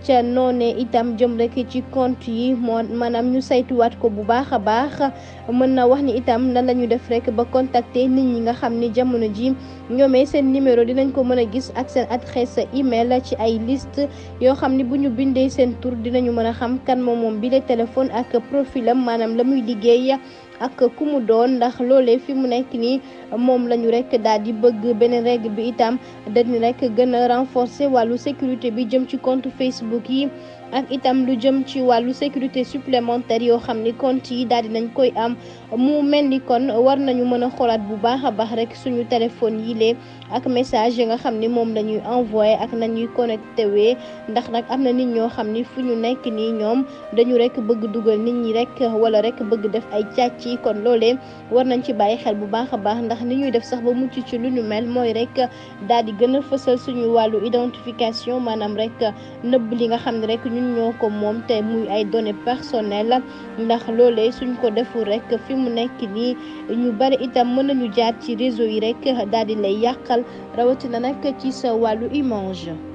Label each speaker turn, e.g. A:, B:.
A: ca noone itam jëm rek ci compte yi moo maanaam ñu saytuwaat ko bu baax a baax mën na wax ni itam nan la ñu def rek ba contacter nit ñi nga xam ni jamono ji ñoome seen numéro dinañ ko mën a gis ak seen adresse email ci ay liste yoo xam ni bu ñu bindee seen tur dinañu mën a xam kan moom moom bi le téléphone ak profilam maanaam la muy liggéey ak ku mu doon ndax loole fi mu nekk nii moom lañu rek daal di bëgg beneen règle bi itam dañu rek gën a renforcer wàllu sécurité bi jëm ci compte Facebook yi ak itam lu jëm ci wàllu sécurité supplémentaire yoo xam ni compte yi daal di nañ koy am mu mel ni kon war nañu mën a xoolaat bu baax a baax rek suñu téléphone yi lee ak message yi nga xam ni moom la ñuy envoyé ak nañuy connecté wee ndax nag am na nit ñoo xam ni fu ñu nekk nii ñoom dañu rekk bëgg dugal nit ñi rek wala rek bëgg def ay càcc yi kon lolé war nañ ci bàyyi xel bu baaxa baax ndax ni ñuy def sax ba mucc ci luñu mel moy rek daal di gëna fessel suñu walu identification manam rek neub li nga xam rek ñun ñoko mom te muy ay données personnelles ndax lolé suñ ko deful rek fi mu nekk ni ñu bari itam mën nañu jaar ci réseau yi rek daal di lay yakal rawati na nak ci sa walu image.